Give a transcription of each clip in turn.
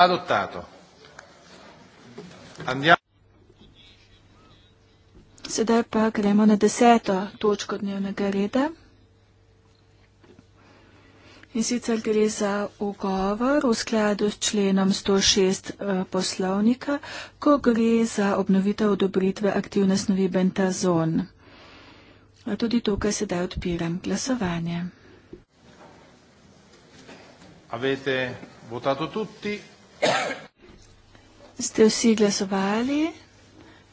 adottato. Andiamo. Sedaj pa gremo na deseto točko dnevnega reda. In sicer gre za ugovor v skladu s členom 106 eh, poslovnika, ko gre za obnovitev odobritve aktivne snovi bentazon. A tudi tukaj sedaj odpiram glasovanje. Avete votato tutti? Ste vsi glasovali?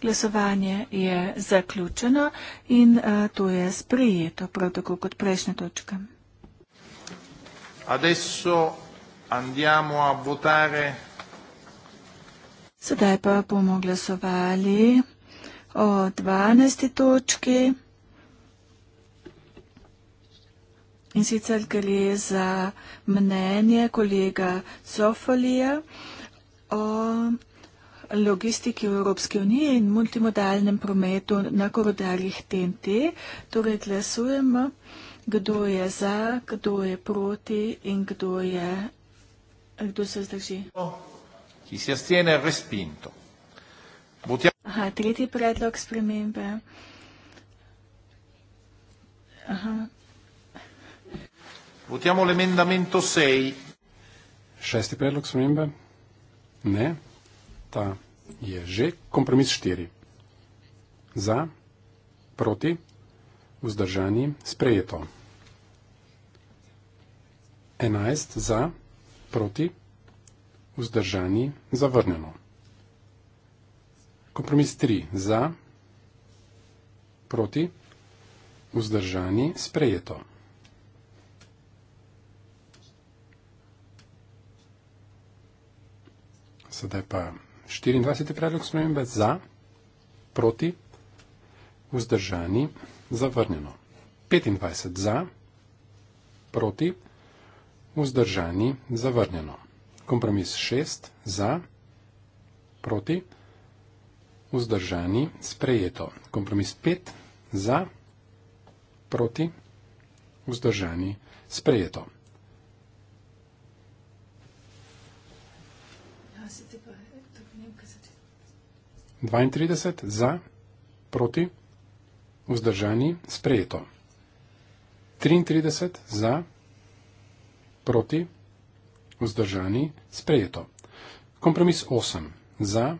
Glasovanje je zaključeno in a, eh, to je sprejeto, prav tako kot prejšnja točka. Adesso andiamo a votare. Sedaj pa bomo glasovali o 12. točki. In sicer gre za mnenje kolega Zofolija o logistiki v Evropski uniji in multimodalnem prometu na korodarjih TNT. Torej glasujemo, kdo je za, kdo je proti in kdo, je, kdo se zdrži. Aha, tretji predlog spremembe. Aha. Votiamo l'emendamento 6. Šesti predlog spremembe? Ne. Ta je že. Kompromis 4. Za, proti, vzdržani, sprejeto. 11 za, proti, vzdržani, zavrnjeno. Kompromis 3 za, proti, vzdržani, sprejeto. Sedaj pa 24. predlog spremembe za, proti, vzdržani, zavrnjeno. 25 za, proti, vzdržani, zavrnjeno. Kompromis 6 za, proti, vzdržani, sprejeto. Kompromis 5 za, proti, vzdržani, sprejeto. 32 za, proti, vzdržani, sprejeto. 33 za, proti, vzdržani, sprejeto. Kompromis 8 za,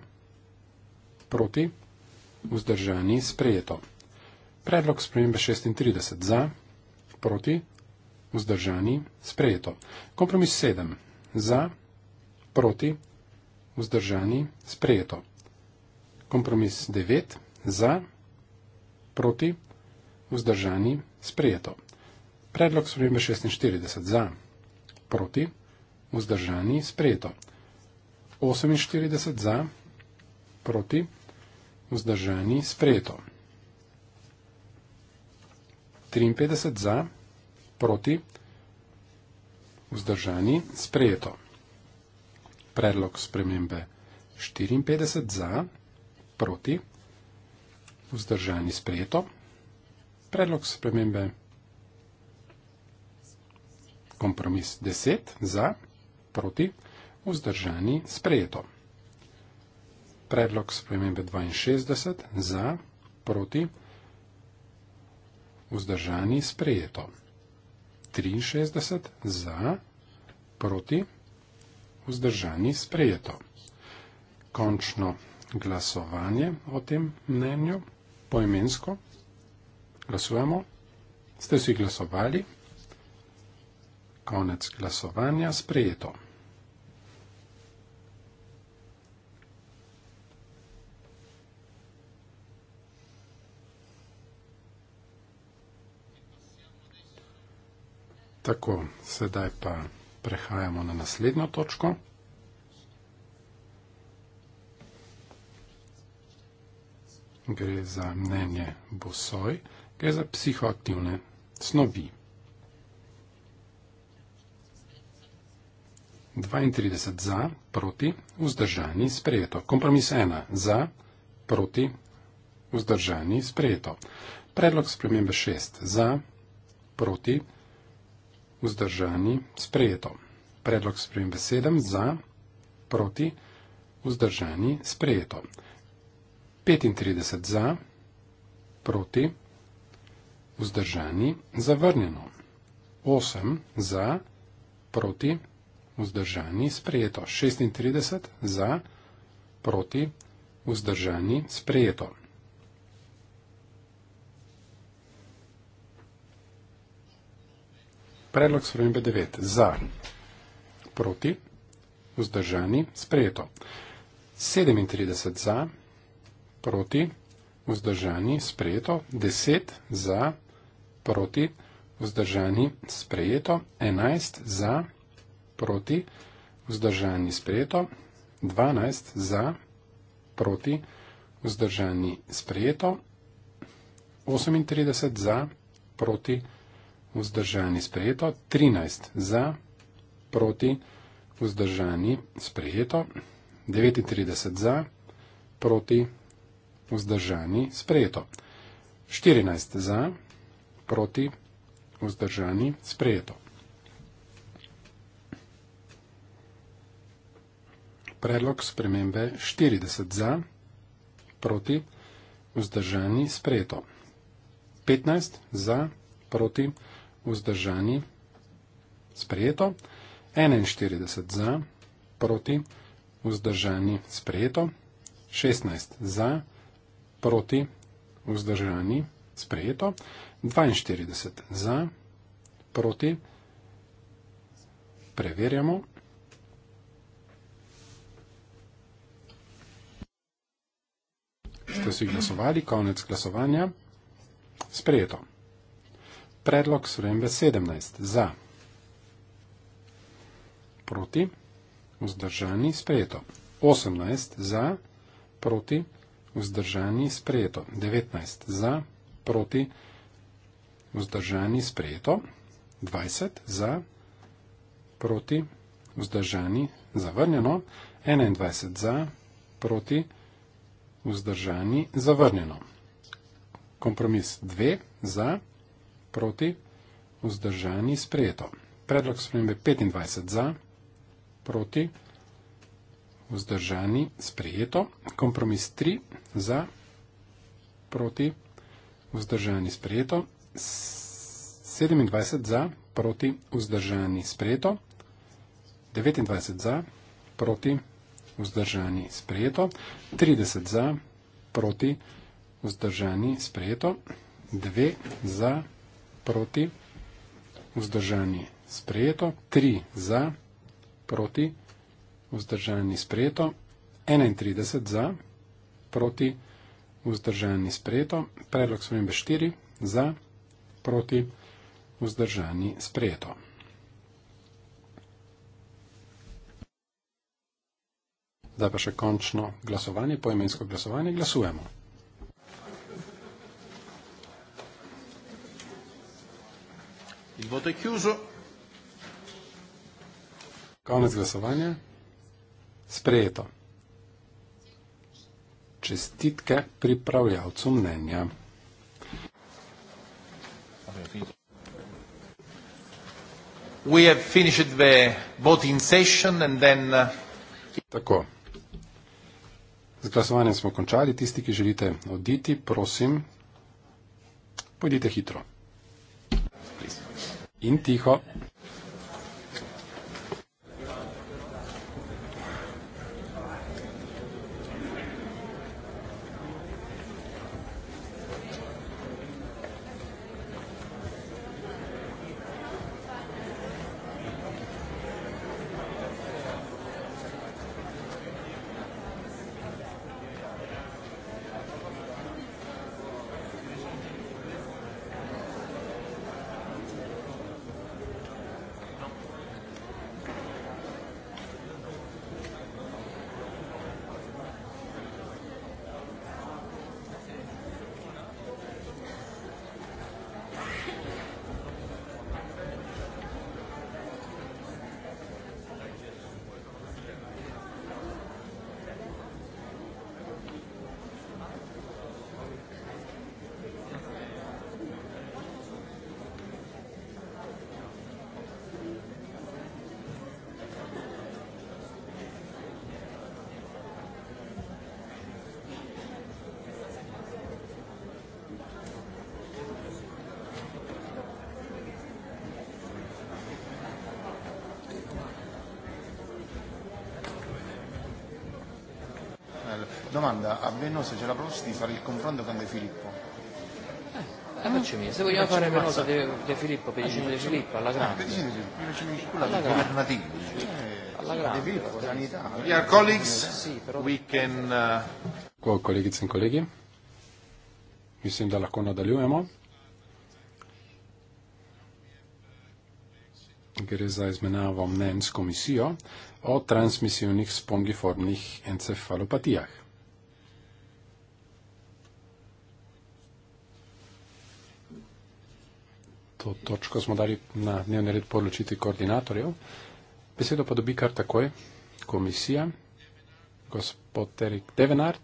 proti, vzdržani, sprejeto. Predlog spremembe 36 za, proti, vzdržani, sprejeto. Kompromis 7 za, proti, vzdržani, sprejeto kompromis 9 za, proti, vzdržani, sprejeto. Predlog spremembe 46 za, proti, vzdržani, sprejeto. 48 za, proti, vzdržani, sprejeto. 53 za, proti, vzdržani, sprejeto. Predlog spremembe 54 za, proti, vzdržani, sprejeto proti, vzdržani sprejeto. Predlog spremembe kompromis 10 za, proti, vzdržani sprejeto. Predlog spremembe 62 za, proti, vzdržani sprejeto. 63 za, proti, vzdržani sprejeto. Končno glasovanje o tem mnenju, poimensko. Glasujemo. Ste vsi glasovali? Konec glasovanja, sprejeto. Tako, sedaj pa prehajamo na naslednjo točko. gre za mnenje Bosoj, gre za psihoaktivne snovi. 32 za, proti, vzdržani, sprejeto. Kompromis 1 za, proti, vzdržani, sprejeto. Predlog spremembe 6 za, proti, vzdržani, sprejeto. Predlog spremembe 7 za, proti, vzdržani, sprejeto. 35 za, proti, vzdržani, zavrnjeno. 8 za, proti, vzdržani, sprejeto. 36 za, proti, vzdržani, sprejeto. Predlog spremembe 9. Za, proti, vzdržani, sprejeto. 37 za, proti, vzdržani, sprejeto proti, vzdržani, sprejeto, 10 za, proti, vzdržani, sprejeto, 11 za, proti, vzdržani, sprejeto, 12 za, proti, vzdržani, sprejeto, 38 za, proti, vzdržani, sprejeto, 13 za, proti, vzdržani, sprejeto, 39 za, proti, vzdržani, sprejeto. 14 za, proti, vzdržani, sprejeto. Predlog spremembe 40 za, proti, vzdržani, sprejeto. 15 za, proti, vzdržani, sprejeto. 41 za, proti, vzdržani, sprejeto. 16 za, proti, vzdržani, sprejeto proti, vzdržani, sprejeto, 42 za, proti, preverjamo. Ste si glasovali, konec glasovanja, sprejeto. Predlog sprejembe 17 za, proti, vzdržani, sprejeto. 18 za, proti, vzdržani vzdržani sprejeto. 19 za, proti, vzdržani sprejeto. 20 za, proti, vzdržani zavrnjeno. 21 za, proti, vzdržani zavrnjeno. Kompromis 2 za, proti, vzdržani sprejeto. Predlog spremembe 25 za, proti, vzdržani sprejeto vzdržani, sprejeto. Kompromis 3 za, proti, vzdržani, sprejeto. 27 za, proti, vzdržani, sprejeto. 29 za, proti, vzdržani, sprejeto. 30 za, proti, vzdržani, sprejeto. 2 za, proti, vzdržani, sprejeto. 3 za, proti, vzdržani, sprejeto vzdržani sprejeto, 31 za, proti vzdržani sprejeto, predlog spremembe 4 za, proti vzdržani sprejeto. Zdaj pa še končno glasovanje, poimensko glasovanje, glasujemo. Konec glasovanja sprejeto. Čestitke pripravljavcu mnenja. We have finished the voting session and then... Uh, Tako. Z glasovanjem smo končali. Tisti, ki želite oditi, prosim, pojdite hitro. In tiho. domanda a Venosa c'è e la possibilità di fare il confronto con De Filippo eh, mia, se vogliamo fare Venosa De, De Filippo per De, De Filippo alla ah, grande alla eh, grande De Filippo sanità we are colleagues sì, però... we can uh... well, colleghi e colleghi mi sembra la conna dall'UEMO gre za izmenavo mnenj s komisijo o transmisijonih spongiformnih encefalopatijah. to točko smo dali na dnevni red podločiti koordinatorjev. Besedo pa dobi kar takoj komisija, gospod Erik Devenard.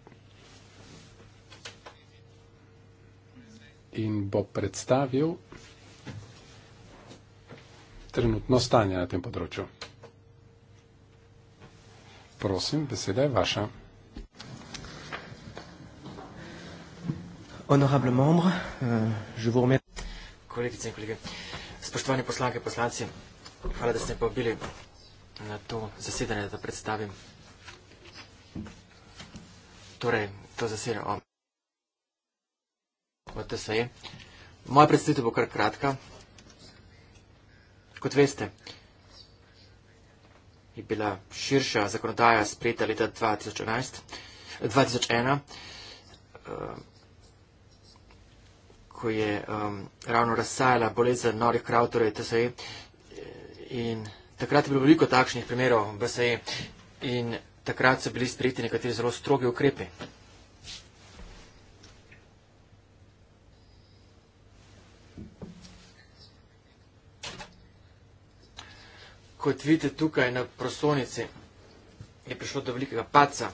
In bo predstavil trenutno stanje na tem področju. Prosim, beseda je vaša. Honorable membre, euh, je vous remercie kolegice in kolege. Spoštovani poslanke, poslanci, hvala, da ste povabili na to zasedanje, da predstavim. Torej, to zasedanje o TSE. Moja predstavitev bo kar kratka. Kot veste, je bila širša zakonodaja sprejeta leta 2011, 2001 ko je um, ravno razsajala bolezen norih krav, torej TSE. In takrat je bilo veliko takšnih primerov v BSE in takrat so bili sprejeti nekateri zelo strogi ukrepi. Kot vidite tukaj na prostornici je prišlo do velikega paca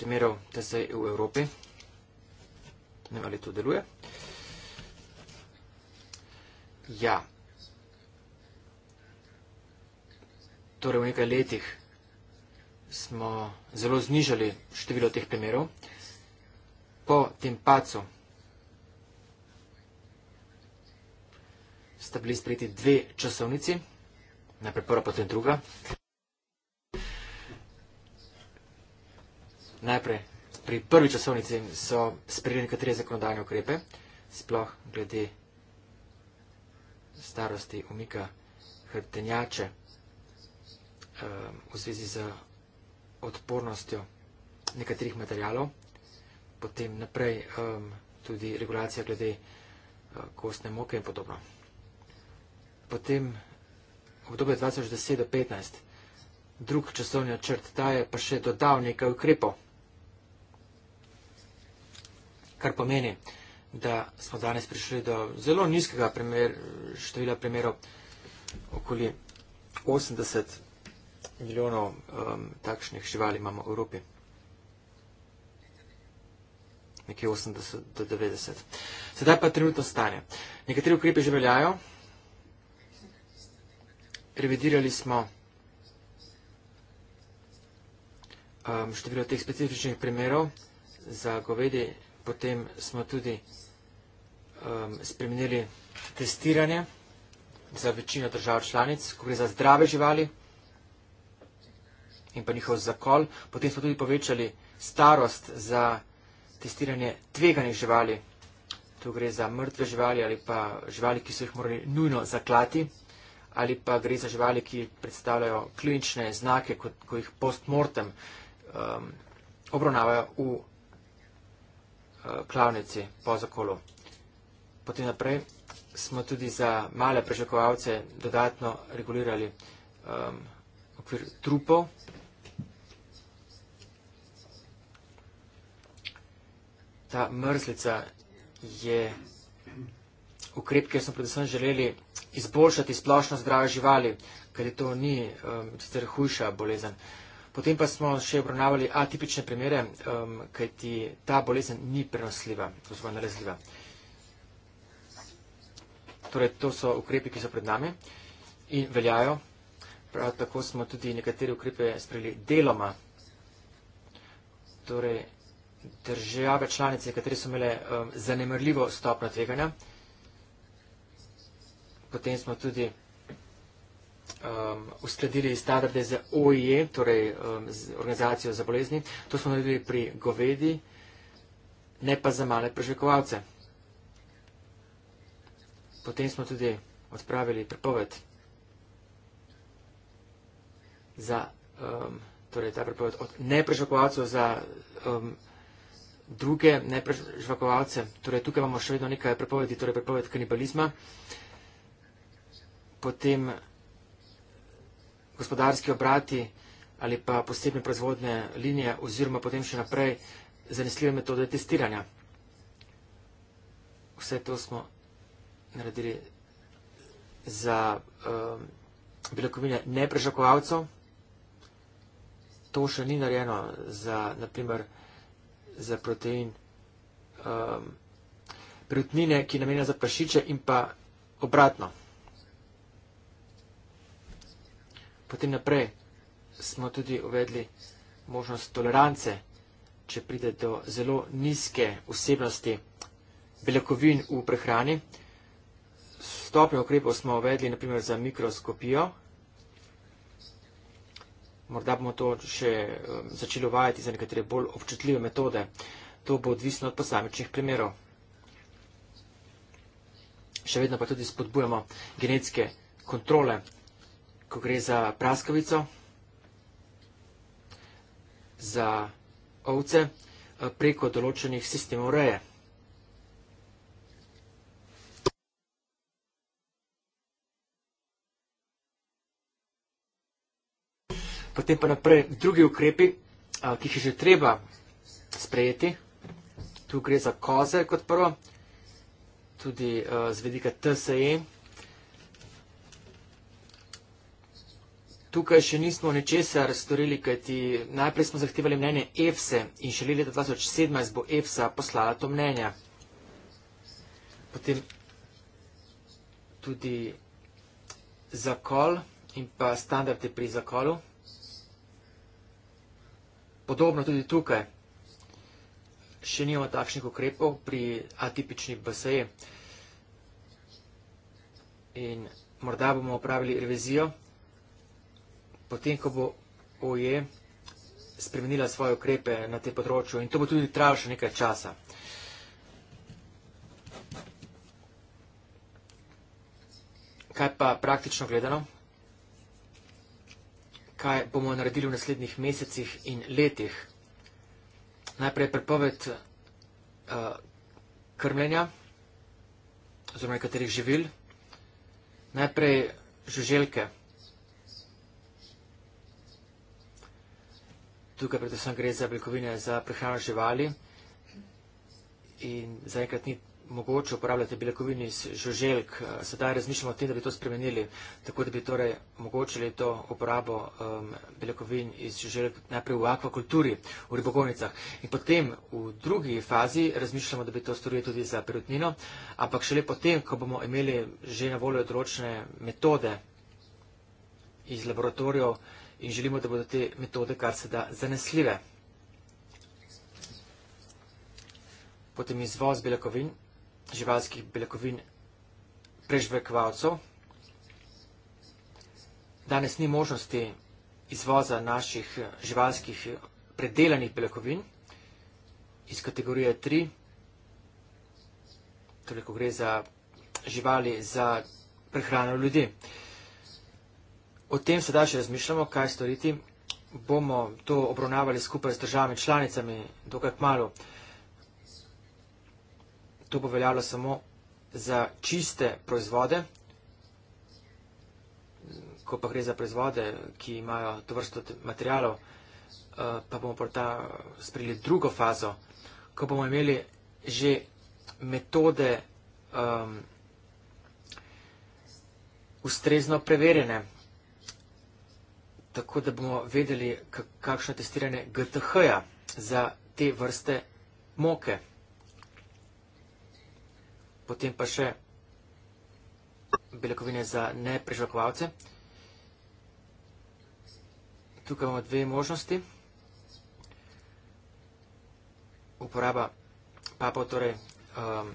primerov TSE v Evropi ne, ali to deluje. Ja. Torej, v nekaj letih smo zelo znižali število teh primerov. Po tem pacu sta bili sprejeti dve časovnici, najprej prva, potem druga. Najprej pri prvi časovnici so sprejeli nekatere zakonodajne ukrepe, sploh glede starosti umika hrbtenjače ehm, v zvezi z odpornostjo nekaterih materialov, potem naprej ehm, tudi regulacija glede eh, kostne moke in podobno. Potem obdobje 2010 do 2015, drug časovni očrt, ta je pa še dodal nekaj ukrepov kar pomeni, da smo danes prišli do zelo nizkega primer, števila primerov, okoli 80 milijonov um, takšnih živali imamo v Evropi. Nekje 80 do 90. Sedaj pa trenutno stanje. Nekateri ukrepi že veljajo. Revidirali smo um, število teh specifičnih primerov za govedi potem smo tudi um, spremenili testiranje za večino držav članic, ko gre za zdrave živali in pa njihov zakol. Potem smo tudi povečali starost za testiranje tveganih živali. Tu gre za mrtve živali ali pa živali, ki so jih morali nujno zaklati ali pa gre za živali, ki predstavljajo klinične znake, ko, ko jih postmortem um, obravnavajo v Eh, klavnici po zakolu. Potem naprej smo tudi za male prežakovalce dodatno regulirali um, okvir trupov. Ta mrzlica je ukrep, ki smo predvsem želeli izboljšati splošno zdrave živali, ker je to ni um, hujša bolezen. Uh, Potem pa smo še obravnavali atipične primere, um, kajti ta bolezen ni prenosljiva, oziroma nalezljiva. Torej, to so ukrepi, ki so pred nami in veljajo. Prav tako smo tudi nekatere ukrepe sprejeli deloma. Torej, države članice, katere so imele um, zanemrljivo stopno tveganja, potem smo tudi um, uskladili standarde za OIE, torej um, z organizacijo za bolezni. To smo naredili pri govedi, ne pa za male prežekovalce. Potem smo tudi odpravili prepoved za, um, torej ta prepoved od neprežakovalcev za um, druge neprežakovalce. Torej tukaj imamo še vedno nekaj prepovedi, torej prepoved kanibalizma. Potem gospodarski obrati ali pa posebne proizvodne linije oziroma potem še naprej zanesljive metode testiranja. Vse to smo naredili za um, beljakovine neprežakovalcev. To še ni narejeno za, naprimer, za protein um, prutnine, ki je namenjena za prašiče in pa obratno. Potem naprej smo tudi uvedli možnost tolerance, če pride do zelo nizke vsebnosti beljakovin v prehrani. Stopnjo ukrepov smo uvedli naprimer za mikroskopijo. Morda bomo to še um, začeli uvajati za nekatere bolj občutljive metode. To bo odvisno od posamičnih primerov. Še vedno pa tudi spodbujamo genetske kontrole ko gre za praskavico, za ovce, eh, preko določenih sistemov reje. Potem pa naprej drugi ukrepi, eh, ki jih je že treba sprejeti. Tu gre za koze kot prvo, tudi eh, z vedika TSE, Tukaj še nismo ničesar storili, kajti najprej smo zahtevali mnenje EFSE in še leta 2017 bo EFSA poslala to mnenje. Potem tudi zakol in pa standarde pri zakolu. Podobno tudi tukaj. Še nimamo takšnih ukrepov pri atipični BSE. In morda bomo opravili revizijo potem, ko bo OE spremenila svoje ukrepe na tem področju in to bo tudi trajalo še nekaj časa. Kaj pa praktično gledano? Kaj bomo naredili v naslednjih mesecih in letih? Najprej prepoved uh, krmljenja, oziroma nekaterih živil. Najprej žuželke. Tukaj predvsem gre za beljakovine za prehrano živali in zaenkrat ni mogoče uporabljati beljakovin iz žuželjk. Eh, sedaj razmišljamo o tem, da bi to spremenili, tako da bi torej omogočili to uporabo um, beljakovin iz žuželjk najprej v akvakulturi, v ribogonicah. In potem v drugi fazi razmišljamo, da bi to storili tudi za perutnino, ampak šele potem, ko bomo imeli že na voljo odročne metode iz laboratorijev, in želimo, da bodo te metode kar se da zanesljive. Potem izvoz beljakovin, živalskih beljakovin prežvekvalcev. Danes ni možnosti izvoza naših eh, živalskih eh, predelanih beljakovin iz kategorije 3, toliko torej, gre za živali za prehrano ljudi. O tem sedaj še razmišljamo, kaj storiti. Bomo to obravnavali skupaj s državami članicami dokaj kmalo. To bo veljalo samo za čiste proizvode. Ko pa gre za proizvode, ki imajo to vrsto materijalov, eh, pa bomo pa ta sprejeli drugo fazo, ko bomo imeli že metode um, ustrezno preverjene tako da bomo vedeli, kakšno je testiranje GTH-ja za te vrste moke. Potem pa še beljakovine za neprežvakovalce. Tukaj imamo dve možnosti. Uporaba papo, torej um,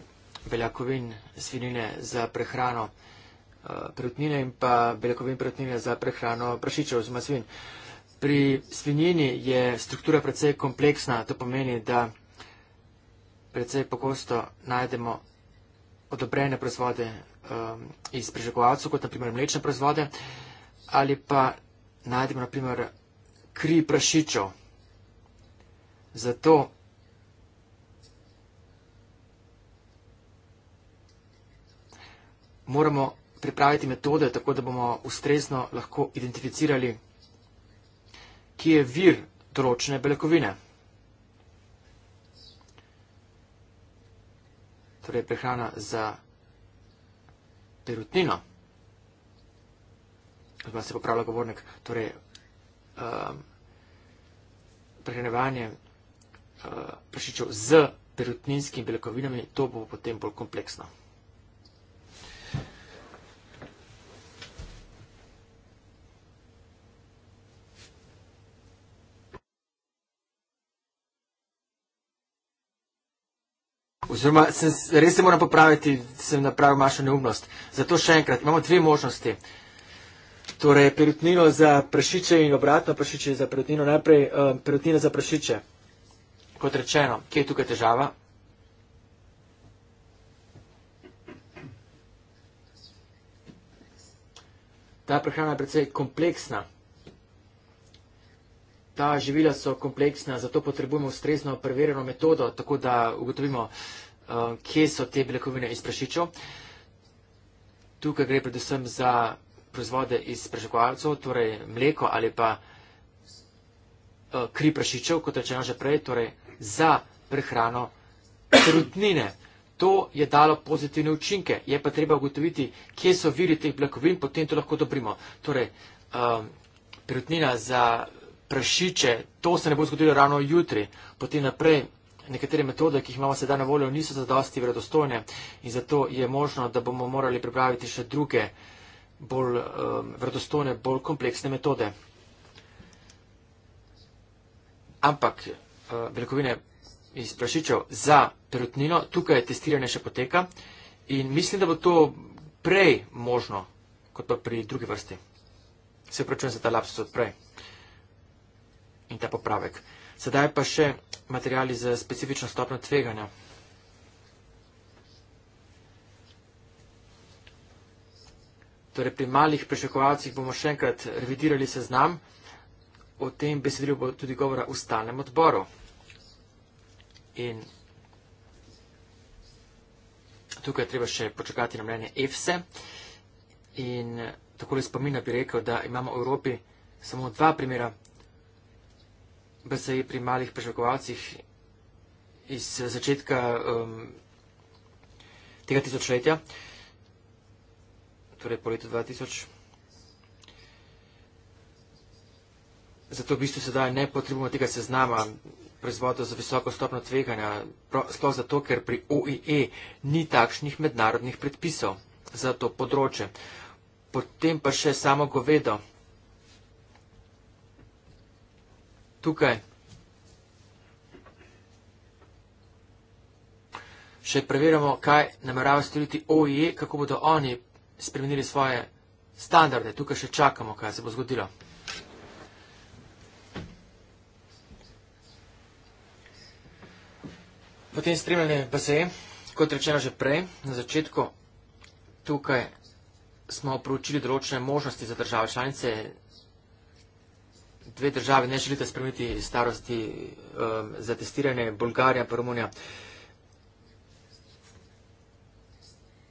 beljakovin svinine za prehrano vrste. Eh, protnine in pa beljakovin protnine za prehrano prašičev oziroma svin. Pri svinjini je struktura precej kompleksna, to pomeni, da precej pogosto najdemo odobrene proizvode um, iz prežegovalcev, kot naprimer mlečne proizvode, ali pa najdemo naprimer kri prašičev. Zato moramo pripraviti metode, tako da bomo ustrezno lahko identificirali, ki je vir določene beljakovine. Torej, prehrana za perutnino. Zdaj se popravlja govornik. Torej, um, ehm, prehranevanje uh, eh, prašičev z perutninskimi beljakovinami, to bo potem bolj kompleksno. oziroma sem, res se moram popraviti, sem napravil mašo neumnost. Zato še enkrat, imamo dve možnosti. Torej, perutnino za prašiče in obratno prašiče za perutnino. Najprej um, perutnina za prašiče. Kot rečeno, kje je tukaj težava? Ta prehrana je precej kompleksna. Ta živila so kompleksna, zato potrebujemo ustrezno preverjeno metodo, tako da ugotovimo, uh, kje so te beljakovine iz prašičev. Tukaj gre predvsem za proizvode iz prašikovalcev, torej mleko ali pa uh, kri prašičev, kot rečeno že prej, torej za prehrano trutnine. To je dalo pozitivne učinke, je pa treba ugotoviti, kje so viri teh beljakovin, potem to lahko dobrimo. Torej, um, Prirutnina za prašiče, to se ne bo zgodilo ravno jutri, potem naprej. Nekatere metode, ki jih imamo sedaj na voljo, niso zadosti vredostojne in zato je možno, da bomo morali pripraviti še druge, bolj um, vredostojne, bolj kompleksne metode. Ampak uh, beljakovine iz prašičev za perutnino, tukaj je testiranje še poteka in mislim, da bo to prej možno kot pa pri drugi vrsti. Se pravčujem za ta lapsus od prej. Uh, in ta popravek. Sedaj pa še materijali z specifično stopno tveganja. Torej pri malih prešekovalcih bomo še enkrat revidirali seznam, o tem besedilu bo tudi govora v stalnem odboru. In tukaj treba še počakati na mnenje EFSE in takole spomina bi rekel, da imamo v Evropi samo dva primera BCI pri malih prežakovalcih iz začetka um, tega tisočletja, torej po letu 2000. Zato v bistvu sedaj ne potrebujemo tega seznama proizvodov za visoko stopno tveganja, sploh zato, ker pri OEE e ni takšnih mednarodnih predpisov za to področje. Potem pa še samo govedo. tukaj. Še preverjamo, kaj namerava storiti OIE, kako bodo oni spremenili svoje standarde. Tukaj še čakamo, kaj se bo zgodilo. Potem spremljanje PSE, kot rečeno že prej, na začetku tukaj smo proučili določene možnosti za države članice, dve države ne želite spremeniti starosti um, za testiranje, Bolgarija in Romunija.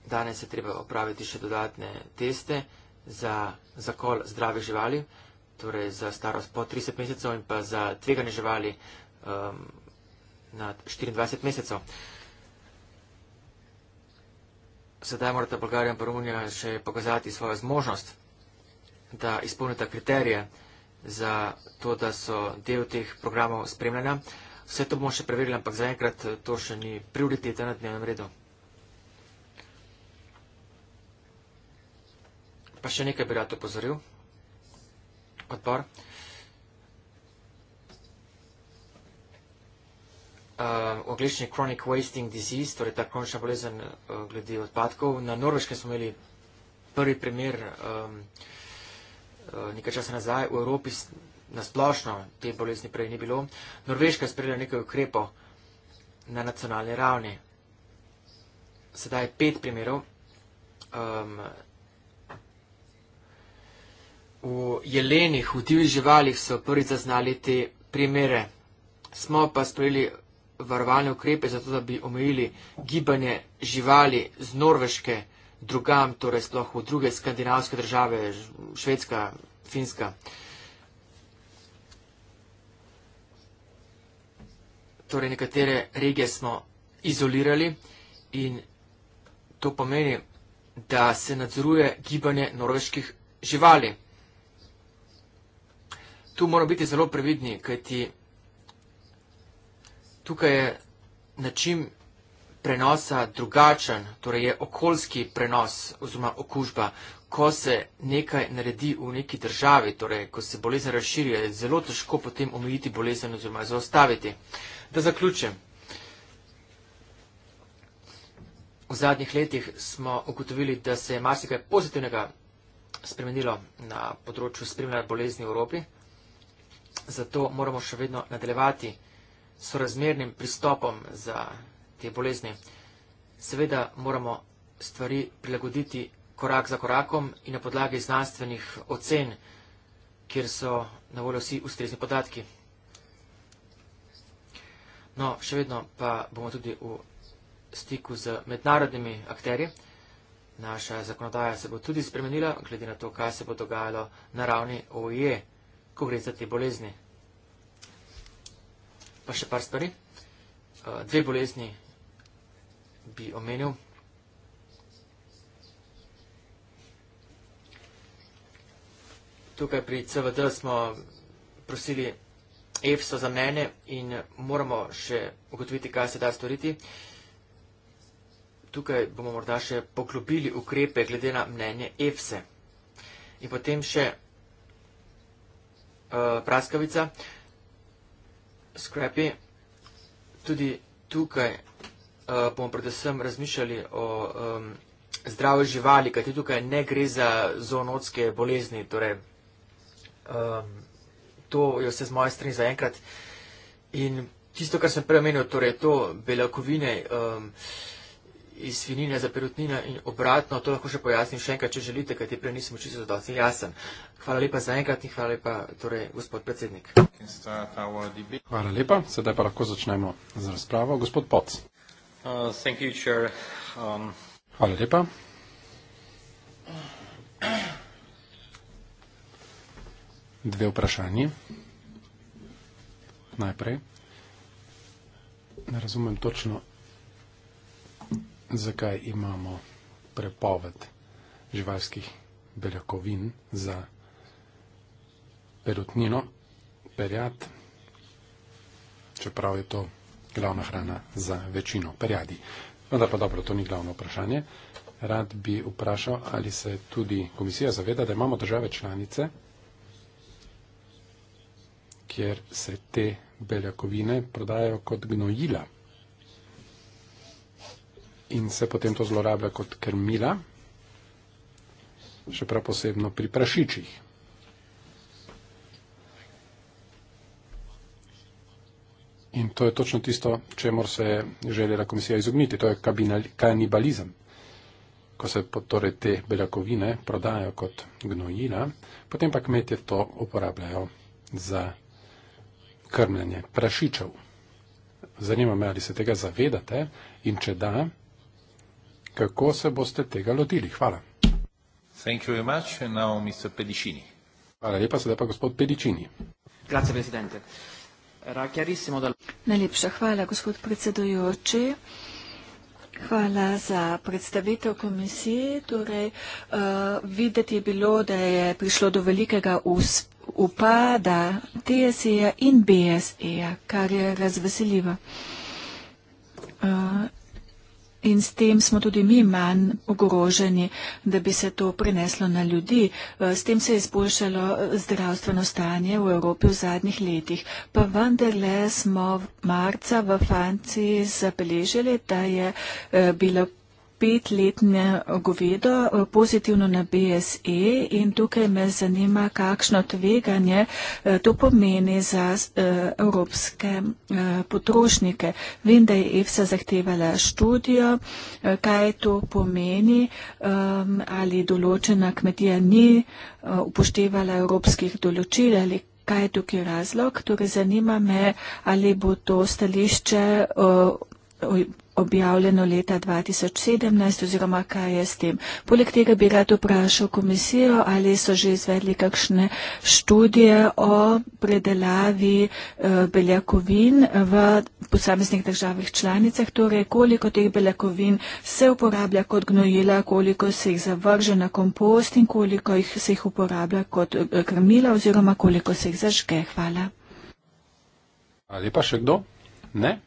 Danes je treba opraviti še dodatne teste za zakol zdrave živali, torej za starost po 30 mesecev in pa za tvegane živali um, nad 24 mesecev. Sedaj morata Bolgarija in Romunija še pokazati svojo zmožnost, da izpolnita kriterije za to, da so del teh programov spremljanja. Vse to bomo še preverili, ampak zaenkrat eh, to še ni prioriteta na dnevnem redu. Pa še nekaj bi rad upozoril. Odbor. Uh, eh, Oglični chronic wasting disease, torej ta kronična bolezen uh, glede odpadkov. Na Norveškem smo imeli prvi primer um, Eh, nekaj časa nazaj v Evropi nasplošno te bolezni prej ni bilo, Norveška je sprejela nekaj ukrepov na nacionalni ravni. Sedaj je pet primerov. Um, v jelenih, v divjih živalih so prvi zaznali te primere. Smo pa sprejeli varovalne ukrepe, zato da bi omejili gibanje živali z norveške drugam, torej sploh v druge skandinavske države, Švedska, Finska. Torej nekatere regije smo izolirali in to pomeni, da se nadzoruje gibanje norveških živali. Tu moramo biti zelo previdni, kajti tukaj je način, prenosa drugačen, torej je okoljski prenos oziroma okužba. Ko se nekaj naredi v neki državi, torej ko se bolezen razširi, je zelo težko potem omejiti bolezen oziroma zaostaviti. Da zaključim. V zadnjih letih smo ugotovili, da se je marsikaj pozitivnega spremenilo na področju spremljanja bolezni v Evropi. Zato moramo še vedno nadaljevati s razmernim pristopom za te bolezni. Seveda moramo stvari prilagoditi korak za korakom in na podlagi znanstvenih ocen, kjer so na voljo vsi ustrezni podatki. No, še vedno pa bomo tudi v stiku z mednarodnimi akterji. Naša zakonodaja se bo tudi spremenila, glede na to, kaj se bo dogajalo na ravni OIE, e, ko gre za te bolezni. Pa še par stvari. Eh, dve bolezni bi omenil. Tukaj pri CVD smo prosili EFSO za mnenje in moramo še ugotoviti, kaj se da storiti. Tukaj bomo morda še poglobili ukrepe glede na mnenje EFSE. In potem še uh, praskavica, scrappy, tudi tukaj Eh, bomo predvsem razmišljali o um, zdravju živali, kajti tukaj ne gre za zoonotske bolezni. Torej, um, to je vse z moje strani zaenkrat. In tisto, kar sem prej omenil, torej to beljakovine um, iz svinine za perutnina in obratno, to lahko še pojasnim še enkrat, če želite, kajti prej nisem čisto dovolj jasen. Hvala lepa zaenkrat in hvala lepa, torej, gospod predsednik. Hvala lepa, sedaj pa lahko začnemo z razpravo. Gospod Poc. Uh, um, Hvala lepa. Dve vprašanji. Najprej. Ne razumem točno, zakaj imamo prepoved živalskih beljakovin za perutnino, perjat, čeprav je to glavna hrana za večino perjadi. Vendar pa dobro, to ni glavno vprašanje. Rad bi vprašal, ali se tudi komisija zaveda, da imamo države članice, kjer se te beljakovine prodajajo kot gnojila in se potem to zlorablja kot krmila, še prav posebno pri prašičih. In to je točno tisto, čemu se je želela komisija izogniti, to je kanibalizem. Ko se torej te beljakovine prodajo kot gnojila, potem pa kmetje to uporabljajo za krmljenje prašičev. Zanima me, ali se tega zavedate in če da, kako se boste tega lotili. Hvala. Thank you very much. Now, Mr. Hvala lepa, sedaj pa gospod Pedicini. Grazie, presidente. Najlepša hvala, gospod predsedujoči. Hvala za predstavitev komisije. Torej, uh, videti je bilo, da je prišlo do velikega upada TSE-ja in BSE-ja, kar je razveseljivo. Uh, In s tem smo tudi mi manj ogroženi, da bi se to preneslo na ljudi. Eh, s tem se je izboljšalo eh, zdravstveno stanje v Evropi v zadnjih letih. Pa vendarle smo v marca v Franciji zabeležili, da je eh, bilo petletne govedo eh, pozitivno na BSE in tukaj me zanima, kakšno tveganje eh, to pomeni za eh, evropske potrošnike. Vem, da je EFSA zahtevala študijo, kaj to pomeni, ehm, ali določena kmetija ni upoštevala evropskih določil ali kaj je tukaj razlog. Torej zanima me, ali bo to stališče objavljeno leta 2017 oziroma kaj je s tem. Poleg tega bi rad vprašal komisijo, ali so že izvedli kakšne študije o predelavi eh, beljakovin v posameznih državah članicah, torej koliko teh beljakovin se uporablja kot gnojila, koliko se jih zavrže na kompost in koliko jih se jih uporablja kot eh, krmila oziroma koliko se jih zažge. Hvala. Ali pa še kdo? Ne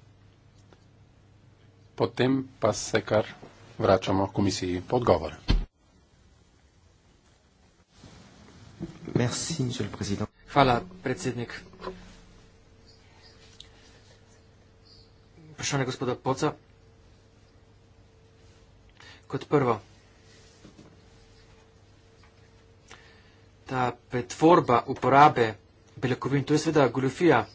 potem pa se kar vračamo komisiji po odgovor. Hvala, predsednik. Vprašanje gospoda Poca. Kot prvo, ta pretvorba uporabe beljakovin, to je seveda goljofija.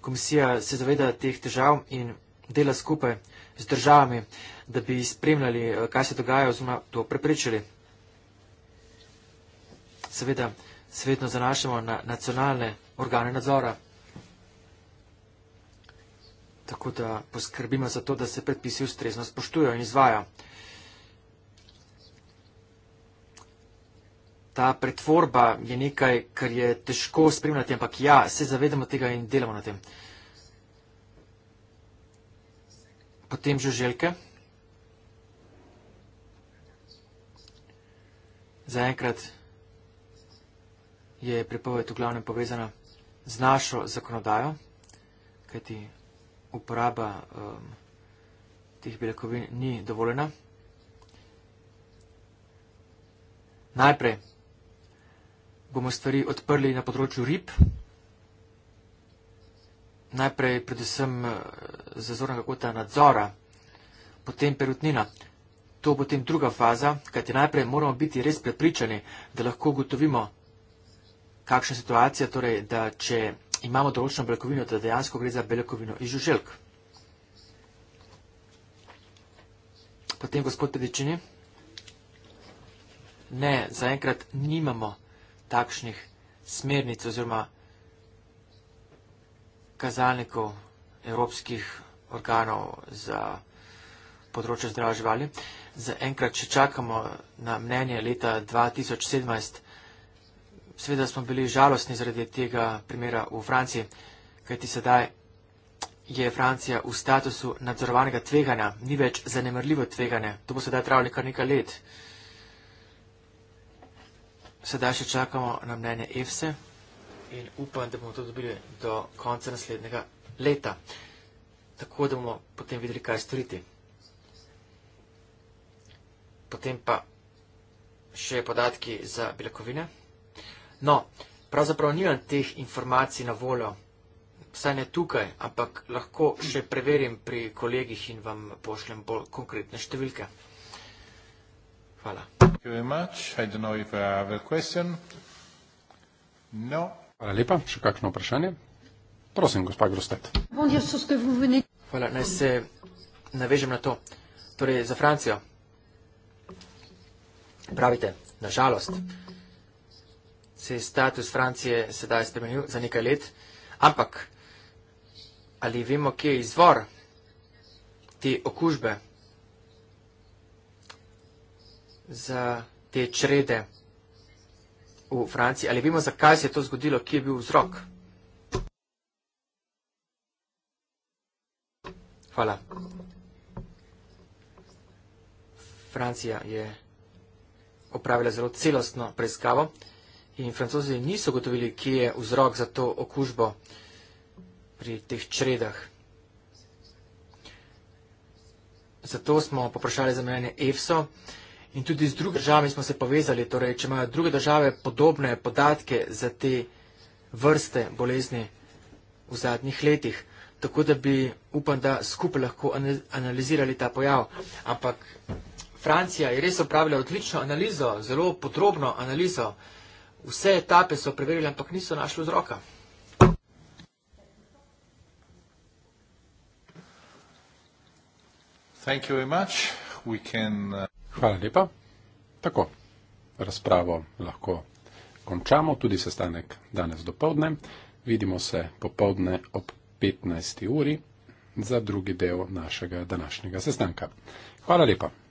Komisija se zaveda teh težav in dela skupaj z državami, da bi spremljali, eh, kaj se dogaja oziroma to prepričali. Seveda, svetno zanašamo na nacionalne organe nadzora. Tako da poskrbimo za to, da se predpisi ustrezno spoštujo in izvaja. Ta pretvorba je nekaj, kar je težko spremljati, ampak ja, se zavedamo tega in delamo na tem. potem žuželke. Zaenkrat je pripoved v glavnem povezana z našo zakonodajo, kajti uporaba um, teh beljakovin ni dovoljena. Najprej bomo stvari odprli na področju rib najprej predvsem eh, zazornega kota nadzora, potem perutnina. To je potem druga faza, kajti najprej moramo biti res prepričani, da lahko ugotovimo, kakšna je situacija, torej da če imamo določeno beljakovino, da dejansko gre za beljakovino iz žuželk. Potem gospod Pedičini. Ne, zaenkrat nimamo takšnih smernic oziroma kazalnikov evropskih organov za področje zdrave živali. Zaenkrat, če čakamo na mnenje leta 2017, seveda smo bili žalostni zaradi tega primera v Franciji, kajti sedaj je Francija v statusu nadzorovanega tveganja, ni več zanemrljivo tveganje, to bo sedaj trajalo kar nekaj let. Sedaj še čakamo na mnenje EFSE, in upam, da bomo to dobili do konca naslednjega leta. Tako da bomo potem videli, kaj storiti. Potem pa še podatki za beljakovine. No, pravzaprav nimam teh informacij na voljo, vsaj ne tukaj, ampak lahko še preverim pri kolegih in vam pošljem bolj konkretne številke. Hvala. Thank you very much. I don't know if I have a question. No. Hvala lepa. Še kakšno vprašanje? Prosim, gospa Grostet. Hvala, naj se navežem na to. Torej, za Francijo. Pravite, nažalost, se je status Francije sedaj spremenil za nekaj let, ampak ali vemo, kje je izvor te okužbe za te črede v Franciji. Ali vemo, zakaj se je to zgodilo, kje je bil vzrok? Hvala. Francija je opravila zelo celostno preiskavo in francozi niso gotovili, kje je vzrok za to okužbo pri teh čredah. Zato smo poprašali za mnenje EFSO in tudi z drugimi državami smo se povezali, torej, če imajo druge države podobne podatke za te vrste bolezni v zadnjih letih. Tako da bi upam, da skupaj lahko analizirali ta pojav. Ampak Francija je res opravila odlično analizo, zelo podrobno analizo. Vse etape so preverili, ampak niso našli vzroka. Thank you very much. We can, uh... Hvala lepa. Tako, razpravo lahko končamo, tudi sestanek danes dopoldne. Vidimo se popoldne ob 15. uri za drugi del našega današnjega sestanka. Hvala lepa.